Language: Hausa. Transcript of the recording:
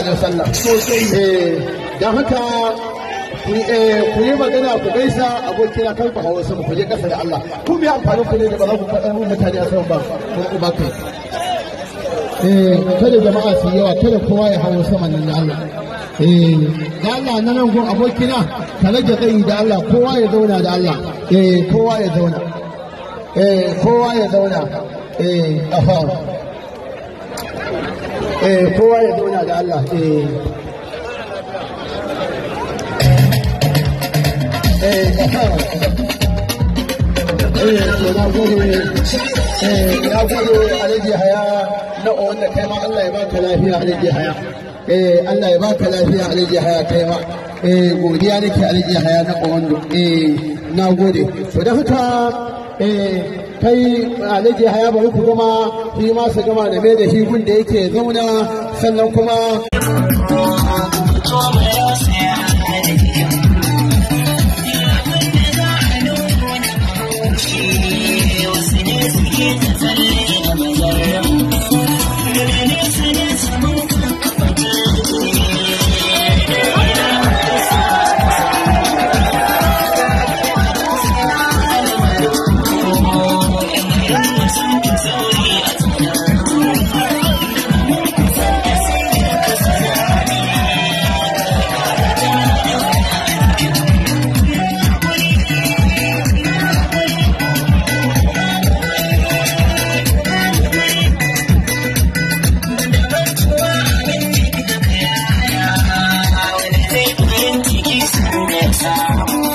alaihi wasallam eh, don haka eh, ku yi magana ku gaisa abokin kan ku hawa sama ku je kasa da Allah ku bi amfani ku ne da ba za ku faɗa mun mutane a sama ba ku ku baka eh kada jama'a su yawa kada kowa ya hawa sama nan da Allah eh da Allah nan nan gun abokina ka rage tsayi da Allah kowa ya zauna da Allah eh kowa ya zauna eh kowa ya zauna eh afawa eh kowa ya zauna da Allah eh ya kudu, alaji haya na wanda kai ma Allah ya baka lafiya alaji haya eh Allah ya baka lafiya alaji haya kai ma eh godiya nake alaji haya na wanda eh na gode to da fita eh, kai alhaji haya ba ku gama shi ma su gama da me da shi gun da yake zauna sannan kuma Yes.